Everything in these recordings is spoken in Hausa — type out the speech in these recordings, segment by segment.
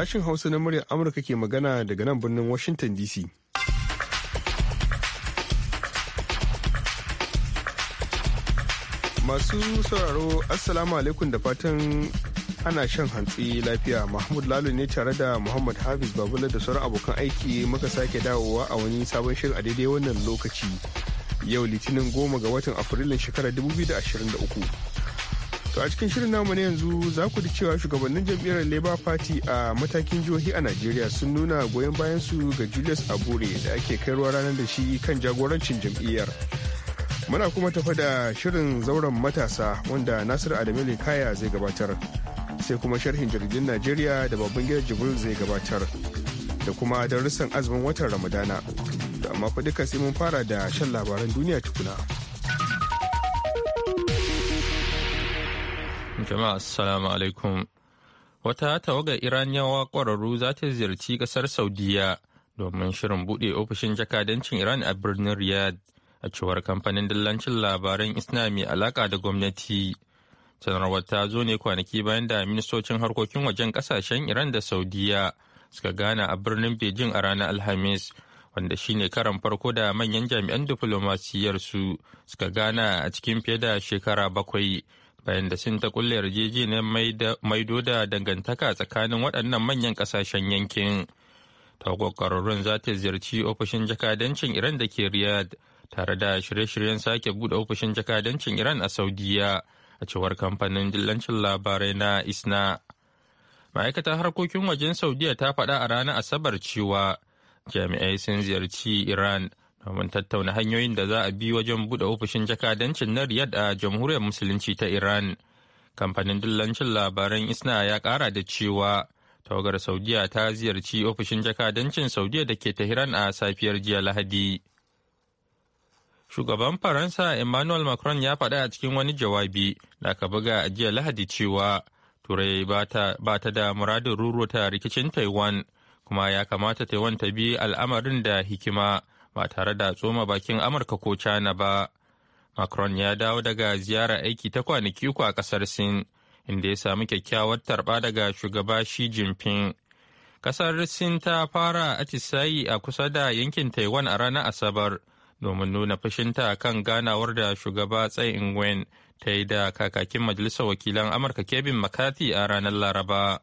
Sashin Hausa na muryar Amurka ke magana daga nan birnin Washington DC. Masu sauraro Assalamu alaikum da fatan ana shan hantsi lafiya Mahmud lalu ne tare da Muhammad Hafiz Babula da sauran abokan aiki muka sake dawowa a wani sabon shirin a daidai wannan lokaci. Yau Litinin goma ga watan Afrilun shekarar 2023. To a cikin shirin namu na yanzu za ku ji cewa shugabannin jam'iyyar Labour Party a matakin jihohi a Najeriya sun nuna goyon bayan su ga Julius Abure da ake ruwa ranar da shi kan jagorancin jam'iyyar. Muna kuma tafa da shirin zauren matasa wanda Nasiru Adamele Kaya zai gabatar. Sai kuma sharhin jirgin Najeriya da babban gidan Jibril zai gabatar. Da kuma darussan azumin watan Ramadana. amma fa duka sai mun fara da shan labaran duniya tukuna. Jama'a assalamu alaikum. Wata tawagar Iraniyawa ƙwararru za ta ziyarci ƙasar Saudiya domin shirin buɗe ofishin jakadancin Iran a birnin riyad a cewar kamfanin dillancin labaran Islami alaƙa da gwamnati. Sanarwar ta zo ne kwanaki bayan da ministocin harkokin wajen ƙasashen Iran da Saudiya suka gana a birnin bejin a ranar Alhamis. wanda shine karan farko da manyan jami'an diflomasiyyar su suka gana a cikin fiye da shekara bakwai bayan da sun ta kulle yarjejeniyar maido da dangantaka tsakanin waɗannan manyan ƙasashen yankin. ƙoƙarorin za ta ziyarci ofishin jakadancin Iran da ke Riyadh tare da shirye-shiryen sake buɗe ofishin jakadancin Iran a Saudiya a cewar kamfanin dillancin labarai na Isna. Ma'aikatar harkokin wajen Saudiya ta faɗa a ranar Asabar cewa jami'ai sun ziyarci Iran domin tattauna hanyoyin da za a bi wajen buɗe ofishin jakadancin na Riyadh a Jamhuriyar Musulunci ta Iran. Kamfanin dillancin labaran Isna ya ƙara da cewa tawagar Saudiya ta ziyarci ofishin jakadancin Saudiya da ke Tehran a safiyar jiya Lahadi. Shugaban Faransa Emmanuel Macron ya faɗa a cikin wani jawabi da aka buga a jiya Lahadi cewa Turai ba ta da muradin ta rikicin Taiwan kuma ya kamata Taiwan ta bi al'amarin da hikima. ba tare da tsoma bakin amurka ko china ba macron ya dawo daga ziyara aiki ta kwanaki uku a kasar sin inda ya samu kyakkyawar tarba daga shugaba shi jinping kasar sin ta fara atisayi a kusa da yankin taiwan a ranar asabar domin nuna fushinta kan ganawar da shugaba tsai ingwen ta yi da kakakin majalisar wakilan amurka kevin mccarthy a ranar laraba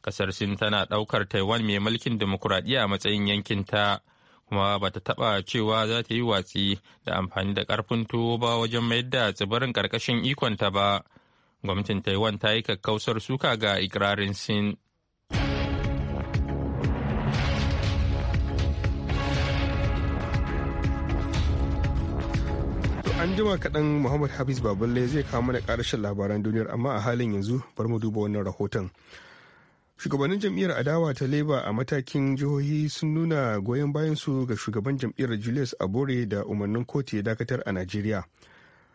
kasar sin tana daukar taiwan mai mulkin dimokuraɗiyya a matsayin yankinta kuma ba ta taɓa cewa za ta yi watsi da amfani da karfin tuwo ba wajen mayar da tsibirin ƙarƙashin ikonta ba gwamnatin taiwan ta yi kakkausar suka ga ikirarin sin an jima kaɗan muhammad hafiz baballe zai kawo mana ƙarashin labaran duniyar amma a halin yanzu bar mu duba wannan rahoton shugabannin jam'iyyar adawa ta leba a matakin jihohi sun nuna goyon bayansu ga shugaban jam'iyyar julius abore da umarnin kotu ya dakatar a najeriya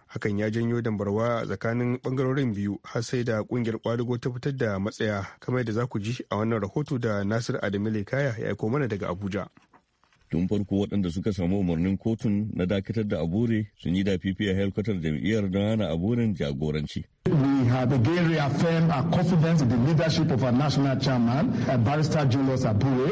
hakan ya janyo dambarwa tsakanin bangarorin biyu har sai da kungiyar kwadugo ta fitar da matsaya kamar yadda za ku ji a wannan rahoto da nasir adamile kaya ya aiko mana daga abuja tun farko waɗanda suka samu umarnin kotun na dakatar da abure sun yi da fifiya helkwatar jam'iyyar don hana aburen jagoranci we have again reaffirmed our confidence in the leadership of our national chairman, uh, Barrister Julius Abure,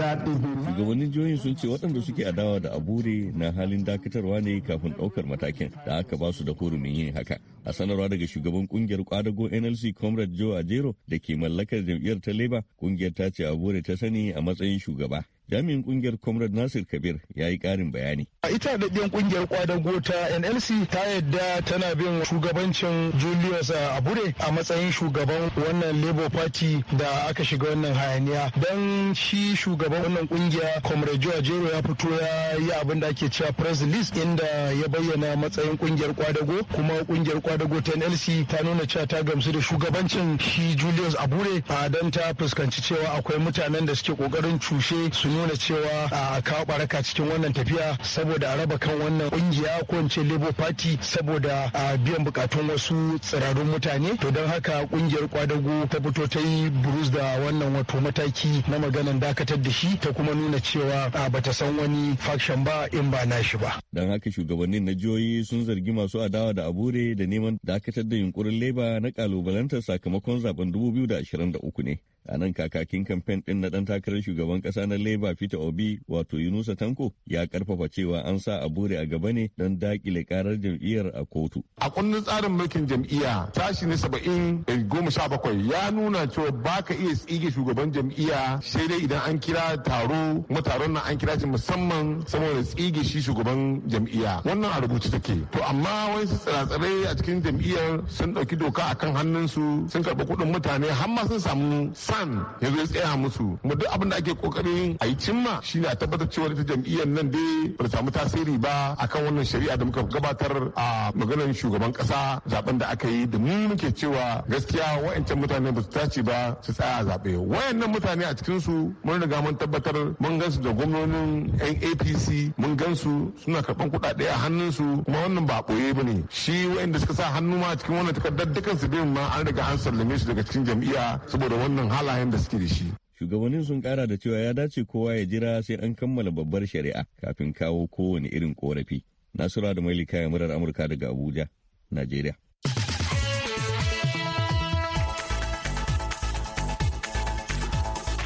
that is the shugabannin jihohin sun ce waɗanda suke adawa da abure na halin dakatarwa ne kafin ɗaukar matakin da aka ba su da hurumin yin haka a sanarwa daga shugaban kungiyar kwadago nlc comrade joe ajero da ke mallakar jam'iyyar ta leba kungiyar ta ce abure ta sani a matsayin shugaba jami'in kungiyar comrade nasir kabir ya yi karin bayani ita daɗin kungiyar kwadago ta nlc ta yadda tana bin shugabancin julius uh, abure a matsayin shugaban wannan labour party da aka shiga wannan hayaniya don shi shugaban wannan kungiya comrade joe ajero ya fito ya yi abin da ake cewa press list inda ya bayyana matsayin kungiyar kwadago kuma kungiyar kwadago ta nlc ta nuna cewa ta gamsu da shugabancin shi julius abure a uh, don ta fuskanci cewa akwai mutanen da suke kokarin cushe su nuna cewa a kawo baraka cikin wannan tafiya saboda a raba kan wannan kungiya ko in ce labour party saboda a biyan bukatun wasu tsirarun mutane to don haka kungiyar kwadago ta fito ta yi burus da wannan wato mataki na maganan dakatar da shi ta kuma nuna cewa a bata san wani faction ba in ba na shi ba don haka shugabannin na jihohi sun zargi masu adawa da abure da neman dakatar da yunkurin leba na kalubalantar sakamakon zaben 2023 ne a nan kakakin kamfen ɗin na ɗan takarar shugaban ƙasa na labour peter obi wato yunusa tanko ya karfafa cewa an sa a bure a gaba ne don dakile karar jam'iyyar a kotu a kundin tsarin mulkin jam'iyya tashi ne saba'in goma sha bakwai ya nuna cewa ba ka iya tsige shugaban jam'iyya sai dai idan an kira taro kuma taron nan an kira shi musamman saboda tsige shi shugaban jam'iyya wannan a rubuce take to amma wani tsare-tsare a cikin jam'iyyar sun ɗauki doka akan hannunsu sun karɓi kuɗin mutane har ma sun samu san ya zo ya tsaya musu mu duk abin da ake kokarin a yi cimma shine a tabbatar cewa ita jam'iyyar nan dai ba samu tasiri ba akan wannan shari'a da muka gabatar a maganar shugaban kasa zaben da aka yi da mu muke cewa gaskiya wa'ancan mutane ba su tace ba su tsaya a zaɓe wayannan mutane a cikin su mun riga mun tabbatar mun gansu da gwamnonin yan apc mun gansu suna karɓan kuɗaɗe a hannun su kuma wannan ba ɓoye ba ne shi wa'anda suka sa hannu ma a cikin wannan takardar dukansu bin ma an riga an sallame su daga cikin jam'iyya saboda wannan hal halayen da suke da shi shugabannin sun kara da cewa ya dace kowa ya jira sai an kammala babbar shari'a kafin kawo kowane irin korafi nasura da maili kayan murar amurka daga abuja najeriya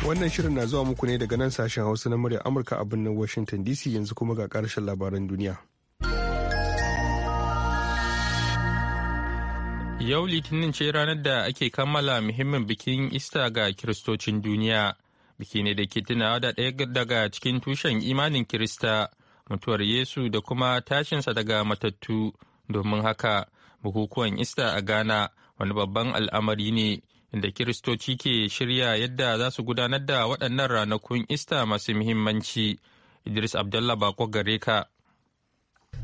wannan shirin na zuwa muku ne daga nan sashen hausa na murya amurka a birnin washington dc yanzu kuma ga karshen labaran duniya Yau Litinin ce ranar da ake kammala muhimmin bikin Ista ga Kiristocin duniya. Biki ne da ke tunawa da ɗaya daga cikin tushen imanin Kirista, mutuwar Yesu da kuma tashinsa daga matattu. Domin haka, bukukuwan Ista a Ghana wani babban al'amari ne inda Kiristoci ke shirya yadda za su gudanar da waɗannan ranakun Ista masu muhimmanci. Idris Abdullah Bako gare ka.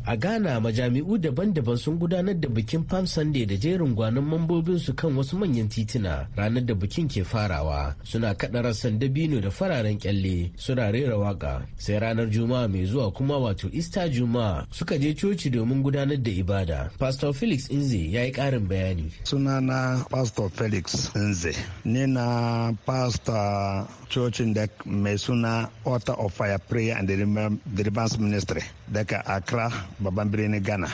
a ghana majami'u daban-daban sun gudanar da bikin palm sunday da jerin gwanon su kan wasu manyan tituna ranar da bikin ke farawa suna kaɗa rassan dabino da fararen kyalle suna rera waka sai ranar juma'a mai zuwa kuma wato Easter juma'a suka je coci domin gudanar da ibada pastor felix inze ya yi ƙarin bayani sunana pastor felix inze ni na pastor cocin da mai suna order of fire prayer and deliverance ministry daga accra babban birnin ghana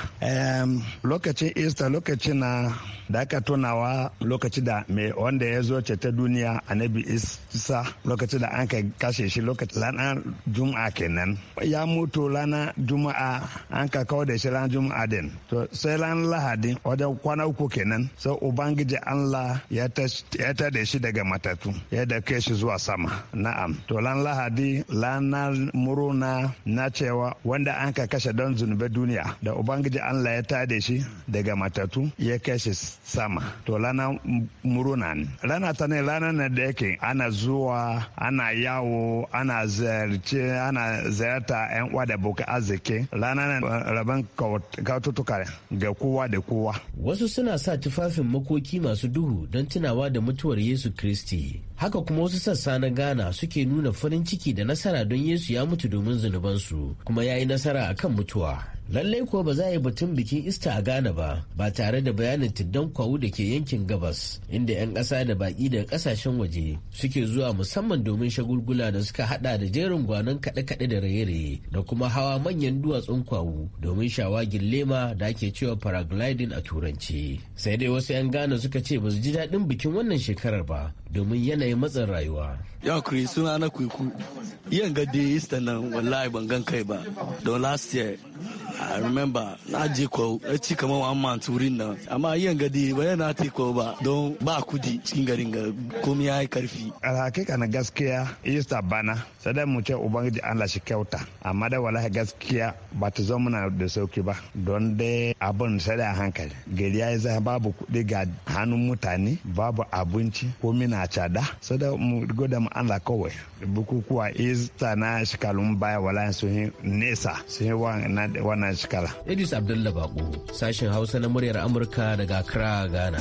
lokacin easter lokacin na da aka tunawa lokaci da mai wanda ya zo ta duniya annabi isa lokaci da an ka kashe shi lokaci lana juma'a kenan ya mutu lana juma'a an ka kawo da shi lana juma'a din to sai lana lahadi wajen kwana uku kenan sai ubangiji allah ya ta da shi daga matatu ya da kai shi zuwa sama na'am to lana lahadi lana muruna na cewa wanda an ka kashe don zunubai duniya da ubangiji allah ya tada shi daga matatu ya kai shi sama to rana muruna ne rana ta ne rana na da yake ana zuwa ana yawo ana ziyarce ana ziyarta yan uwa da buka arziki rana na rabin kaututuka ga kowa da kowa wasu suna sa tufafin makoki masu duhu don tunawa da mutuwar yesu kristi haka kuma wasu sassa na ghana suke nuna farin ciki da nasara don yesu ya mutu domin zunubansu kuma ya yi nasara akan mutuwa lallai ko ba za a yi batun bikin ista a ghana ba ba tare da bayanin tiddan kwawu da ke yankin gabas inda 'yan ƙasa da baƙi daga ƙasashen waje suke zuwa musamman domin shagulgula da suka hada da jerin gwanon kaɗe-kaɗe da raye-raye da kuma hawa manyan duwatsun kwawu domin shawagin lema da ake cewa paragliding a turanci sai dai wasu 'yan ghana suka ce ba su ji daɗin bikin wannan shekarar ba domin yanayin matsin rayuwa ya kuri suna na kuiku yin ga dai easter nan wallahi ban gan kai ba don last year i remember na je ko na ci kama wa amma turin nan amma yin ga dai ba yana ta ko ba don ba kudi cikin garin ga komi ya yi karfi alhakika na gaskiya Ista bana sai dai mu ce ubangiji Allah shi kyauta amma da wallahi gaskiya ba ta zo muna da sauki ba don dai abin sai da hankali gari ya yi zai babu kudi ga hannun mutane babu abinci ko mina cada sai da mu goda mu ala kawai bukukuwa ista na shikalun baya wala sun nesa sun yi wannan shikala. Idris Abdullahi Bako sashen Hausa na muryar Amurka daga Accra Ghana.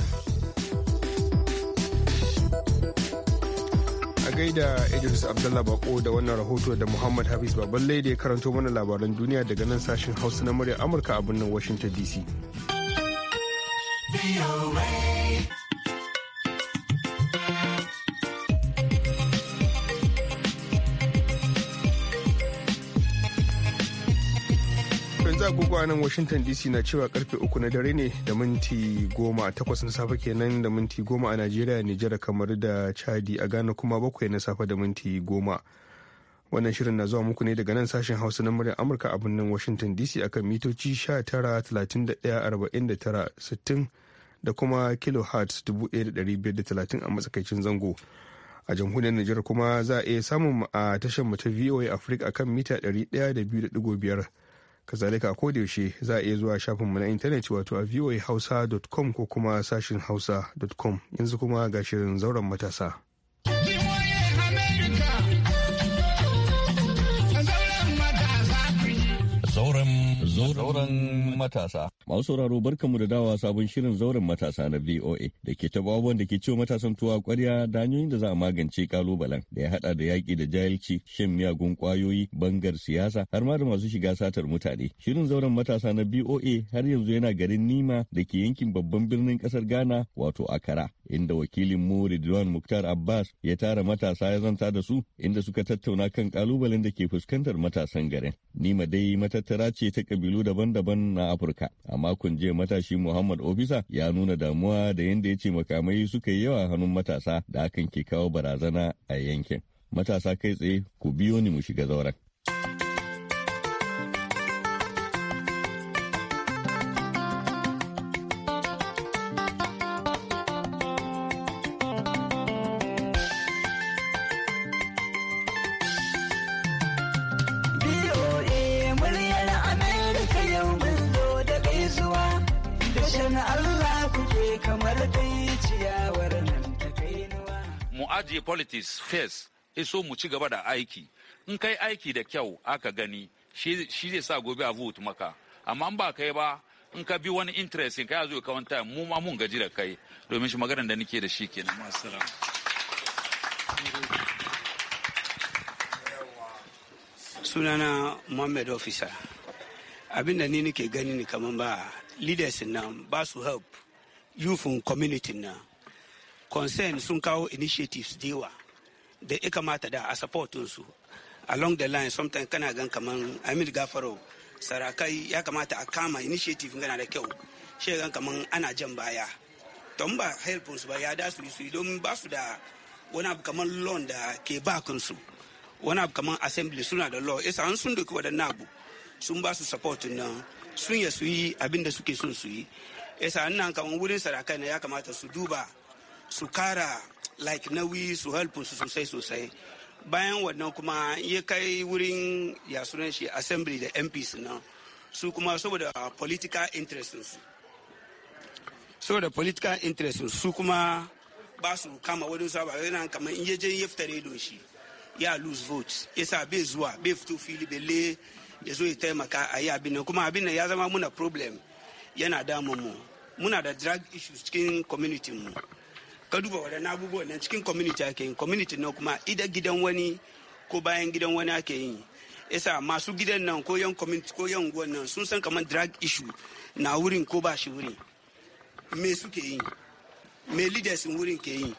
A gaida Idris Abdullahi Bako da wannan rahoto da Muhammad Hafiz Baballe da ya karanto mana labaran duniya daga nan sashin Hausa na muryar Amurka a birnin Washington DC. abubuwa a nan washington dc na cewa karfe uku na dare ne da minti goma takwas na safe kenan da minti goma a najeriya nijar kamar da chadi a ghana kuma bakwai na safe da minti goma wannan shirin na zuwa muku ne daga nan sashen hausa na muryar amurka a birnin washington dc akan mitoci 19,31,49,60 da kuma kilohertz 1530 a matsakaicin zango a jamhuriyar Nijar kuma za a iya samun a tashar mu ta VOA Africa akan mita 102.5 kazalika ko da yaushe za a iya zuwa shafinmu na intanet wato a voahausa.com ko kuma sashin hausa.com yanzu kuma ga shirin zauren matasa. Zauren matasa. Masu sauraro barkanmu da dawa sabon shirin zauren matasa na VOA da ke taɓa abubuwan da ke ciwo matasan tuwa kwarya da hanyoyin da za a magance kalubalen da ya haɗa da yaƙi da jahilci, shan miyagun ƙwayoyi, bangar siyasa har ma da masu shiga satar mutane. Shirin zauren matasa na VOA har yanzu yana garin Nima da ke yankin babban birnin ƙasar Ghana wato Akara inda wakilin mu Ridwan Muktar Abbas ya tara matasa ya zanta da su inda suka tattauna kan ƙalubalen da ke fuskantar matasan garin. Nima dai matattara ce ta kabilu daban-daban na a Afirka. A makon jiya matashi Muhammad Ofisa ya nuna damuwa da yadda ya ce makamai suka yi yawa hannun matasa da hakan ke kawo barazana a yankin. Matasa kai tsaye ku biyo ni mu shiga zauren. communities first iso mu ci gaba da aiki in kai aiki da kyau aka gani shi zai sa gobe a vote maka amma ba kai ba in ka bi wani interest in kai zo ka wanta mu ma mun gaji da kai domin shi magana da nake da shi kenan assalam sunana muhammed officer abin da ni nake gani ne kamar ba leaders nan ba su help youth community na concern sun kawo initiatives da yawa da ya kamata da a su along the line sometimes kana gan kaman Amir Gafaro sarakai ya kamata a kama initiative gana da kyau shi gan kaman ana jan baya don ba helpin su ba ya da su su domin ba su da wani abu kaman loan da ke bakin su wani abu kaman assembly suna da law isa an sun doki wadannan abu sun ba su support nan sun ya su yi abin da suke sun su yi isa nan kaman wurin sarakai na ya kamata su duba su kara like nauyi su helpin su sosai sosai bayan wannan kuma ya kai wurin ya sunan shi assembly da mps na su kuma saboda political interests saboda political interests su kuma ba su kama wani saba yana kamar in je ya fita redon shi ya lose votes sa bai zuwa bai fito fili belle ya zo ya taimaka a yi abin nan kuma abin nan ya zama muna problem yana damun mu muna da drug issues cikin community mu ka duba waɗannan abubuwan nan cikin community ake yi community na kuma ida gidan wani ko bayan gidan wani ake yi yasa masu gidan nan ko yan community ko yan unguwan nan sun san kamar drag issue na wurin ko ba shi wurin me suke yi me leaders wurin ke yi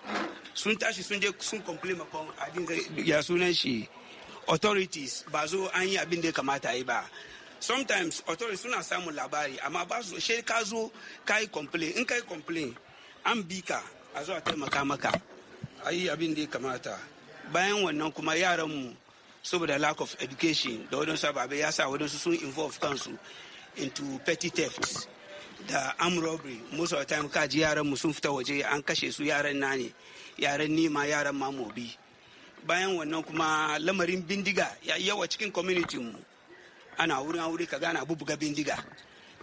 sun tashi sun je sun complain makon abin ya sunan shi authorities ba zo an yi abin da ya kamata yi ba sometimes authorities suna samun labari amma ba su she ka zo ka complain in ka complain an bika. a zuwa taimaka maka a yi abin da ya kamata bayan wannan kuma yaranmu saboda lack of education da wadansu ababe ya sa wadansu sun involve kansu into petty theft da arm robbery most of the time kaji yaranmu sun fita waje an kashe su yaran na ne yaran nima yaran mamobi bayan wannan kuma lamarin bindiga ya yawa cikin community mu ana wurin wuri ka gana bubuga bindiga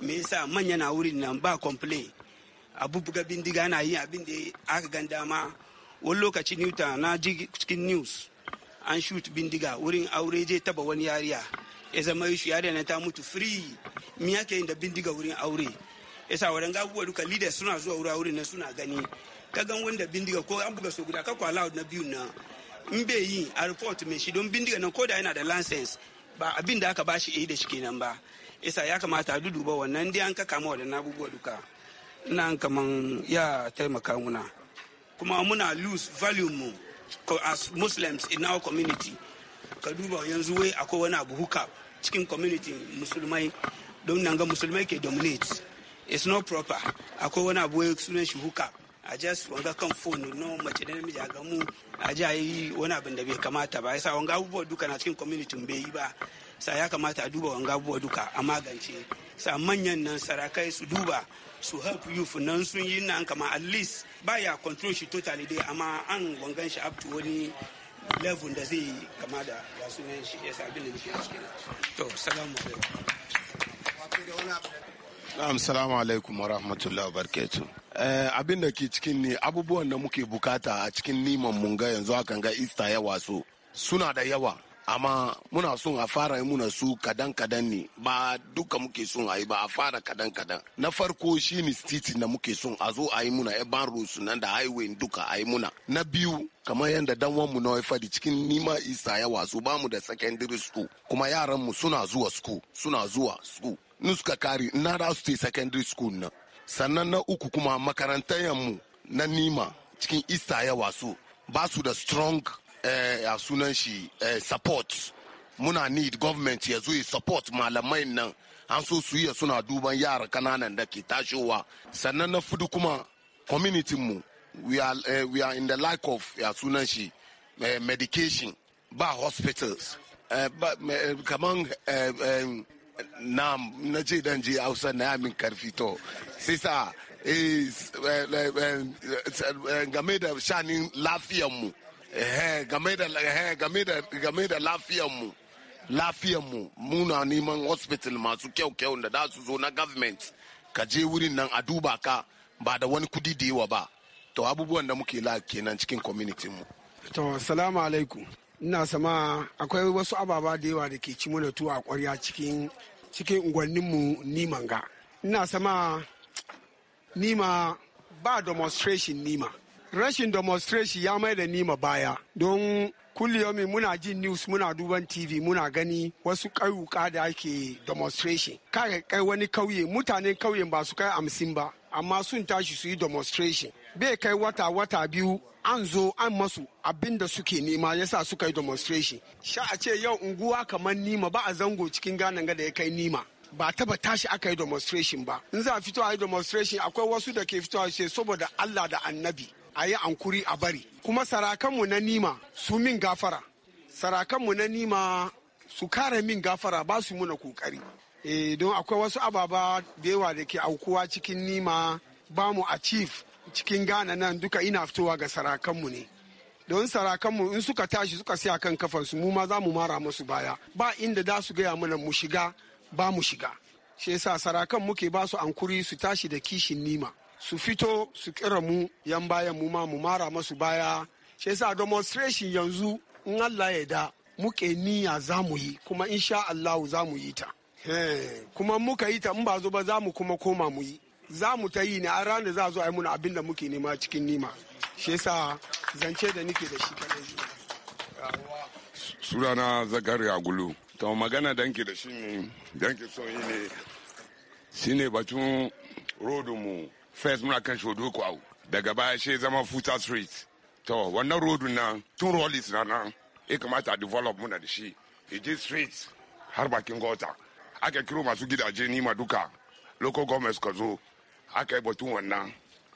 me yasa manya na wurin nan ba complain a buga bindiga na yi abin da aka gan dama wani lokaci newta na ji cikin news an shoot bindiga wurin aure je taba wani yariya ya zama shi yariya na ta mutu free mi yake yin da bindiga wurin aure yasa wadan gabuwa duka leaders suna zuwa wurin aure na suna gani ka gan wanda bindiga ko an buga so guda ka kwa na biyu na in bai yi a report mai shi don bindiga nan koda yana da license ba abin da aka bashi yi da shi kenan ba yasa ya kamata a duduba wannan dai an ka kama wadannan abubuwa duka ina kaman ya taimaka muna kuma muna lose value mu as muslims in our community ka duba yanzu wai akwai wani abu huka cikin community musulmai don nan ga musulmai ke dominate it's not proper akwai wani abu wai sunan shi huka a just wanga kan phone no mace da namiji a mu a ji a yi wani abin da bai kamata ba yasa wanga abubuwa duka na cikin community bai yi ba sa ya kamata a duba wanga abubuwa duka a magance sa manyan nan sarakai su duba su help for nan sun yi nan kama at least ba ya control shi totally dai amma an wangan shi up to wani level da zai kama da ya sunan shi ya sabi da nake cikin to salamu alaikum salamu alaikum wa rahmatullahi wa barakatuh eh, abin da ke cikin ne abubuwan da muke bukata a cikin niman Munga yanzu hakan ga ista ya waso suna da yawa amma muna son a fara muna su kadan kadan ne ba duka muke son a yi ba a fara kadan kadan na farko shine stiti da muke son a zo a yi muna ban rusu nan da highway duka a yi muna na biyu kamar yadda dan wanmu na fadi cikin nima isa ya wasu ba mu da secondary school kuma yaran mu suna zuwa school suna zuwa school suka kari na da su secondary school nan sannan na uku kuma makarantar mu na nima cikin isa ya wasu ba su da strong Eh, a sunan shi eh, support muna need government ya zo ya support malamai nan an so su iya suna duban yara kananan da ke tashowa sannan na fudu kuma community mu we are, eh, in the lack of ya sunan shi medication ba hospitals uh, ba uh, kaman uh, um, na na ce dan je hausa na yamin karfi to sai sa game da shanin lafiyanmu mu game da lafiyanmu lafiyanmu muna neman hospital masu kyau kyau da za su zo na government ka je wurin nan a duba ka ba da wani kudi da yawa ba to abubuwan da muke la kenan cikin community mu to assalamu alaikum ina sama akwai wasu ababa da yawa da ke ci mana tuwa kwarya cikin cikin mu nima ga ina sama nima ba demonstration nima rashin demonstration ya mai da nima baya don kulliyomi muna jin news muna duban tv muna gani wasu ƙauyuka da ake demonstration kai kai wani kauye mutanen kauyen ba su kai amsin ba amma sun tashi su yi demonstration bai kai wata wata biyu an zo an masu abin da suke nema yasa suka yi demonstration sha a ce yau unguwa kamar nima ba a zango cikin ganan ga da ya kai nima ba ta ba tashi aka yi demonstration ba in za a fito a yi demonstration akwai wasu da ke fitowa ce saboda Allah da annabi a yi ankuri a bari kuma sarakanmu na nima su min gafara sarakanmu na nima su kare min gafara ba su muna kokari e, don akwai wasu ababa da yawa da ke aukuwa cikin nima ba mu a chief cikin ghana nan duka ina fitowa ga sarakanmu ne don sarakanmu in suka tashi suka siya kan kafansu mu ma za mu mara musu baya ba inda za su gaya mana mu shiga ba mu shiga shi yasa sarakan muke ba su ankuri su tashi da kishin nima su fito su kira mu yan bayan mu ma mu mara masu baya shi yasa demonstration yanzu in Allah ya da muke niyya za mu yi kuma insha Allah za mu yi ta kuma muka yi ta in ba zo ba za mu kuma koma mu yi za mu ta yi ne a ranar za zo a yi muna abin da muke nema cikin nima shi yasa zance da nike da shi kadai sunana zakariya gulu to magana danki da shi ne danki so yi ne shine batun rodo mu first muna kan shodoku au daga baya shi zama futa street to wannan rodun nan tun rollis na nan ya kamata a develop muna da shi iji street har bakin gota aka kiro masu gidaje nima duka local governments ka zo aka yi batun wannan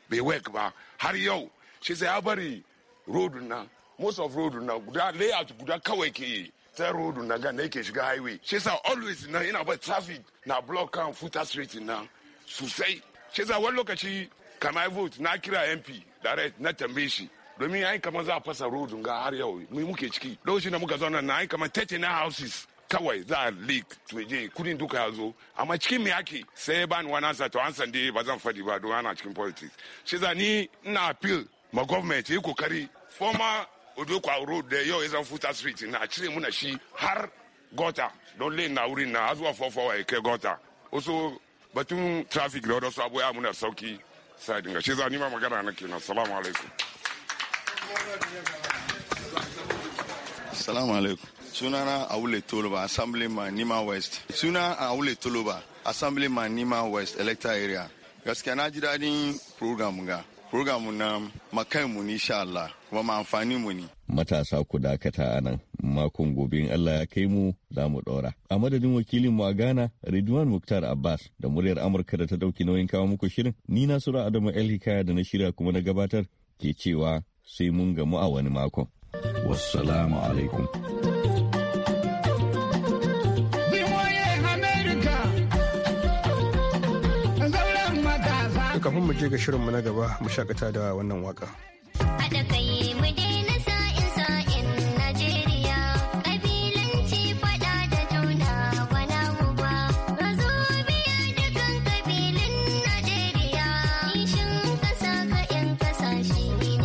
bai work ba har yau shi sai ya bari rodun nan most of rodun nan guda layout guda kawai ke yi ta rodun nan gan ke yake shiga highway shi sa always na yana ba traffic na block kan futa street na sosai shi za wani lokaci kamar vote na kira mp direct na tambaye shi domin yayi kamar za a fasa rodin ga har yau mu muke ciki lokacin da muka zauna na kama kamar 39 houses kawai za a leak to je kudin duka ya zo amma cikin me ake sai ban wani ansa to an sande ba zan fadi ba don ana cikin politics shi za ni ina appeal ma government yi kokari former odokwa road da yau ya zan futa street na cire muna shi har gota don lane na wurin na azuwa zuwa 44 ya kai gota also batun traffic da wadansu abubuwa muna sauki sai dinga shi za ni ma magana na kenan salamu alaikum salamu alaikum sunana aule toloba assemblyman nima west suna aule toloba assemblyman nima west electoral area gaskiya na ji daɗin program ga program na makai mu ni insha Allah kuma ma amfani mu ni matasa ku dakata a nan makon gobe in Allah ya kai mu za mu ɗora. A madadin wakilin mu a Ghana Ridwan Muktar Abbas da muryar Amurka da ta ɗauki nauyin kawo muku shirin ni na sura Adamu El Hikaya da na shirya kuma na gabatar ke cewa sai mun gamu a wani makon. Wassalamu alaikum. kafin mu je ga shirin mu na gaba mu shakata da wannan waka. Haɗa kai mu daina Baby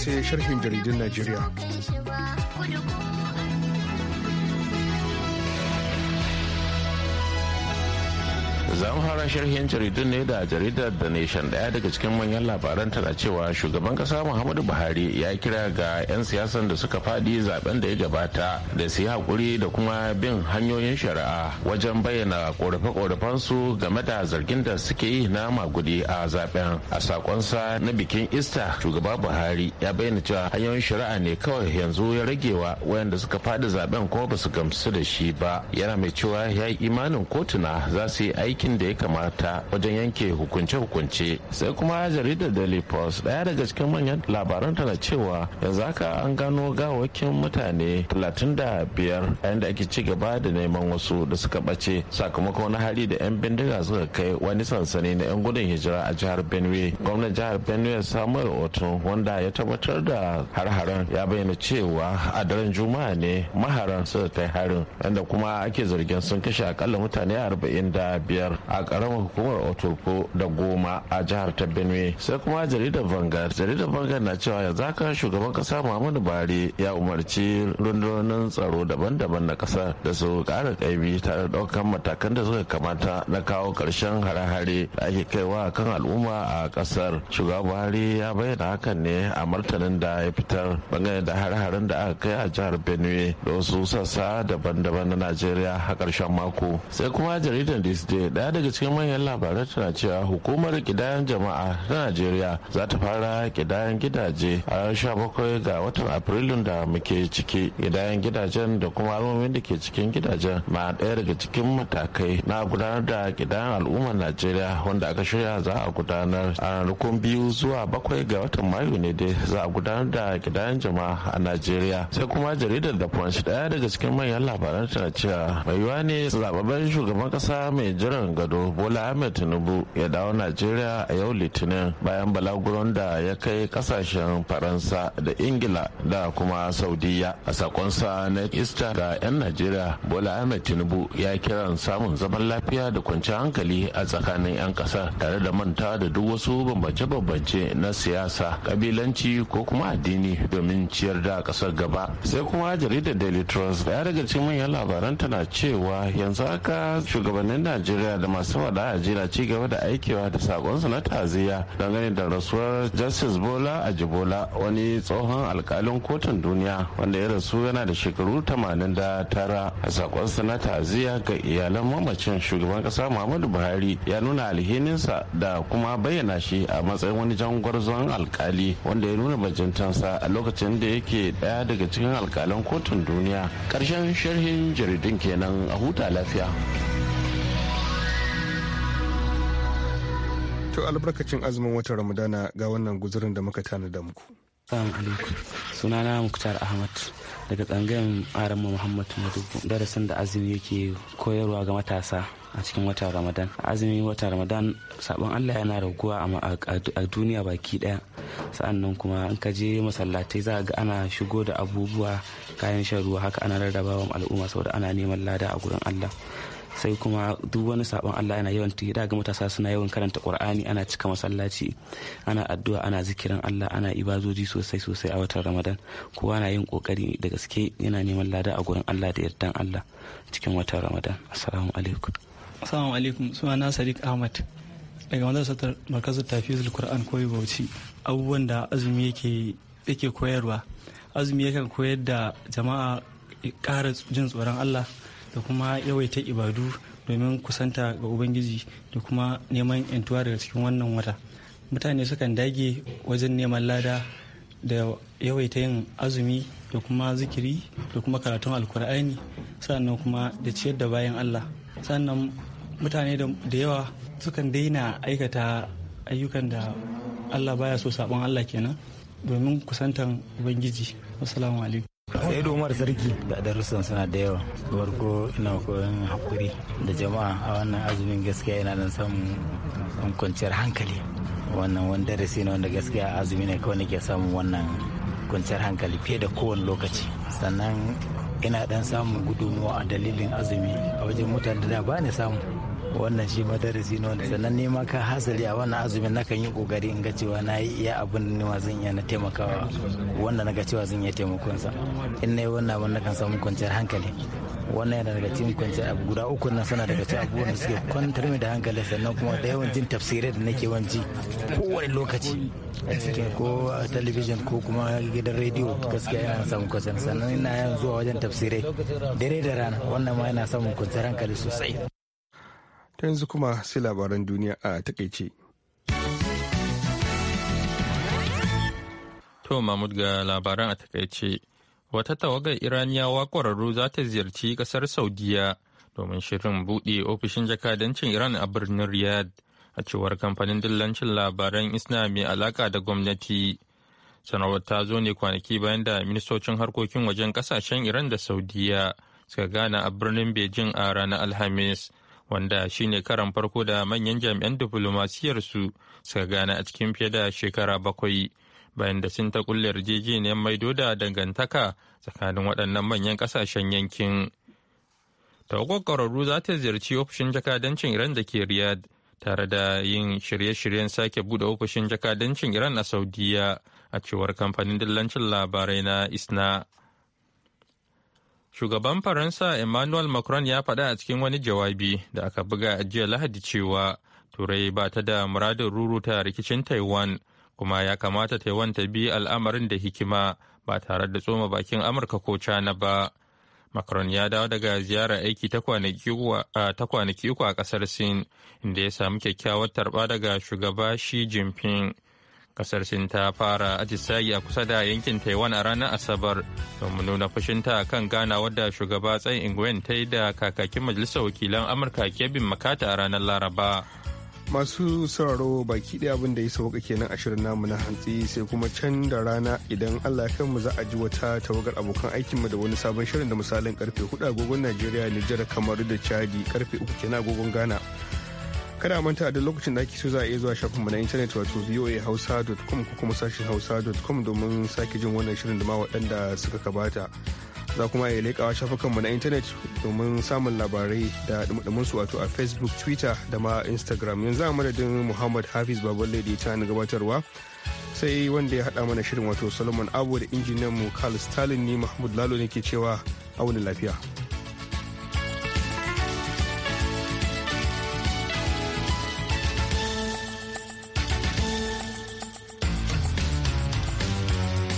sai sharhin jaridun Najeriya. sharhin jaridun ne da jaridar da nation daya daga cikin manyan labaran tana cewa shugaban kasa muhammadu buhari ya kira ga 'yan siyasan da suka fadi zaben da ya gabata da su yi hakuri da kuma bin hanyoyin shari'a wajen bayyana korafe su game da zargin da suke yi na magudi a zaben a sakonsa na bikin ista shugaba buhari ya bayyana cewa hanyoyin shari'a ne kawai yanzu ya ragewa wayanda suka fadi zaben kuma ba su gamsu da shi ba yana mai cewa ya yi imanin kotuna za su yi aikin da ya kamata kamata wajen yanke hukunce-hukunce sai kuma jaridar daily post daya daga cikin manyan labaran tana cewa yanzu haka an gano gawakin mutane 35 yayin da ake ci gaba da neman wasu da suka bace sakamakon wani hari da 'yan bindiga suka kai wani sansani na 'yan gudun hijira a jihar benue gwamnan jihar benue samuel otun wanda ya tabbatar da har-haren ya bayyana cewa a daren juma'a ne maharan suka kai harin inda kuma ake zargin sun kashe akalla mutane 45 a karamar hukumar otoko da goma a jihar ta benue sai kuma jaridar vangard jaridar vangard na cewa yanzu haka shugaban kasa muhammadu buhari ya umarci rundunonin tsaro daban-daban na kasa da su kara kaimi tare da daukan matakan da suka kamata na kawo karshen hare-hare da ake kaiwa kan al'umma a kasar shugaban buhari ya bayyana hakan ne a martanin da ya fitar bangare da hare-haren da aka kai a jihar benue da wasu sassa daban-daban na najeriya a karshen mako sai kuma jaridar disney daya daga cikin cikin manyan labaran tana cewa hukumar kidayan jama'a ta najeriya za ta fara kidayan gidaje a sha bakwai ga watan afrilun da muke ciki kidayan gidajen da kuma almomin da ke cikin gidajen na ɗaya daga cikin matakai na gudanar da kidayan al'ummar najeriya wanda aka shirya za a gudanar a ranakun biyu zuwa bakwai ga watan mayu ne dai za a gudanar da kidayan jama'a a najeriya sai kuma jaridar da punch ɗaya daga cikin manyan labaran tana cewa mai yiwuwa ne zababben shugaban ƙasa mai jiran gado bola ahmed tinubu ya dawo najeriya a yau litinin bayan balaguron da ya kai kasashen faransa da ingila da kuma saudiya a sakonsa na ista ga 'yan najeriya bola ahmed tinubu ya kiran samun zaman lafiya da kwanciyar hankali a tsakanin 'yan kasa tare da manta da duk wasu bambance-bambance na siyasa kabilanci ko kuma addini domin ciyar da kasar gaba sai kuma jaridar daily trust ya daga cikin manyan labaran tana cewa yanzu haka shugabannin najeriya da masu faɗa a jira ci gaba da aikewa da sakonsa na taziya dangane da rasuwar justice bola a jibola wani tsohon alkalin kotun duniya wanda ya rasu yana da shekaru 89 a sakonsa na taziya ga iyalan mamacin shugaban kasa muhammadu buhari ya nuna alhininsa da kuma bayyana shi a matsayin wani jangwarzon alkali wanda ya nuna bajintansa a lokacin da yake daya daga cikin alkalan kotun duniya karshen sharhin jaridun kenan a huta lafiya. To albarkacin azumin watan Ramadana ga wannan guzurin da muka da muku. Assalamu alaikum. Sunana Muktar Ahmad daga tsangayen Aramu Muhammad Madubu Darasin da azumi yake koyarwa ga matasa a cikin watan Ramadan. Azumi watan Ramadan sabon Allah yana raguwa a duniya baki daya. Sa'annan kuma in ka je masallatai za ga ana shigo da abubuwa kayan shan ruwa haka ana rarrabawa al'umma saboda ana neman lada a gurin Allah. sai kuma duk wani sabon Allah yana yawan tuyi daga ga matasa suna yawan karanta Qur'ani ana cika masallaci ana addu'a ana zikirin Allah ana ibazoji sosai sosai a watan Ramadan kowa na yin kokari da gaske yana neman lada a gurin Allah da yardan Allah cikin watan Ramadan assalamu alaikum assalamu alaikum suna Sadiq Ahmad daga madrasatar markazin tafizul Qur'an koyi Bauchi abubuwan da azumi yake yake koyarwa azumi yakan koyar da jama'a ƙara jin tsoron Allah da kuma yawaita ibadu domin kusanta ga ubangiji da kuma neman yantuwa daga cikin wannan wata mutane sukan dage wajen neman lada da yawaita yin azumi da kuma zikiri da kuma karatun alkur'ani sannan kuma da ciyar da bayan allah sannan mutane da yawa sukan daina aikata ayyukan da allah baya so sabon allah kenan domin kusantan ubangiji wasu alaikum sai Umar Sarki da darussan suna da yawa. farko ina koyon hakuri da jama'a a wannan azumin gaskiya ina dan samun kwanciyar hankali. Wannan wanda darasi na wanda gaskiya azumi ne kawai nake samun wannan kwanciyar hankali fiye da kowane lokaci. Sannan ina dan samun gudunmuwa a dalilin azumi a wajen mutane da ba ni samu. wannan shi ma darasi ne wanda sannan ne ma ka hasali a wannan azumin na kan yi kokari in ga cewa na yi iya abin da nima zan iya na taimakawa wanda na ga cewa zan iya taimakon sa in na yi wannan abin na kan samu kwanciyar hankali wannan yana daga cikin kwanciyar abu guda uku na sana daga cikin abubuwan da suke kwantar mai da hankali sannan kuma da yawan jin tafsirai da nake wanci kowane lokaci a cikin ko talabijin ko kuma gidan rediyo gaskiya yana samun kwanciyar sannan ina yawan zuwa wajen tafsirai dare da rana wannan ma yana samun kwanciyar hankali sosai ta yanzu kuma sai labaran duniya a takaice. To Mahmud ga labaran a takaice. Wata tawagar Iraniyawa ƙwararru za ta ziyarci ƙasar Saudiya domin shirin buɗe ofishin jakadancin Iran a birnin Riyadh a cewar kamfanin dillancin labaran Isna mai alaka da gwamnati. Sanarwar ta zo ne kwanaki bayan da ministocin harkokin wajen ƙasashen Iran da Saudiya suka gana a birnin Beijing a ranar Alhamis wanda shine karan farko da manyan jami'an su suka gane a cikin fiye da shekara bakwai bayan da sun ta kulle yarjejeniyar maido da dangantaka tsakanin waɗannan manyan ƙasashen yankin. Tawagar ƙwararru za ta ziyarci ofishin jakadancin Iran da ke Riyadh tare da yin shirye-shiryen sake buɗe ofishin jakadancin Iran a Saudiya a cewar kamfanin dillancin labarai na Isna. Shugaban Faransa Emmanuel Macron ya faɗa a cikin wani jawabi da aka buga a jiya Lahadi cewa Turai ba ta da muradin ruruta rikicin Taiwan kuma ya kamata Taiwan ta bi al'amarin da hikima ba tare da tsoma bakin Amurka ko Cana ba. Macron ya dawo daga ziyarar aiki ta kwanaki uku a kasar Sin inda ya samu kyakkyawar tarba daga shugaba Xi Jinping. Kasar Sin ta fara atisayi a kusa da yankin Taiwan a ranar Asabar domin nuna fushinta kan gana wadda shugaba tsayin Ingwen ta yi da kakakin Majalisar Wakilan Amurka Kevin Makata a ranar Laraba. Masu sauraro baki ɗaya abin da ya sauka kenan a shirin namu na hantsi sai kuma can da rana idan Allah ya mu za a ji wata tawagar abokan aikin mu da wani sabon shirin da misalin karfe 4 agogon Najeriya Nijar Kamaru da Chadi karfe 3 kenan agogon Ghana. kada a manta da lokacin da ake so za a iya zuwa shafinmu na intanet wato voahausa.com ko kuma sashen hausa.com domin sake jin wannan shirin da ma waɗanda suka kabata za kuma iya leƙawa shafukanmu na intanet domin samun labarai da ɗumɗumin su wato a facebook twitter da ma instagram yanzu a madadin muhammad hafiz babban da ta gabatarwa sai wanda ya haɗa mana shirin wato solomon abu da injiniyan mu carl stalin ne mahmud lalo ne ke cewa a wani lafiya.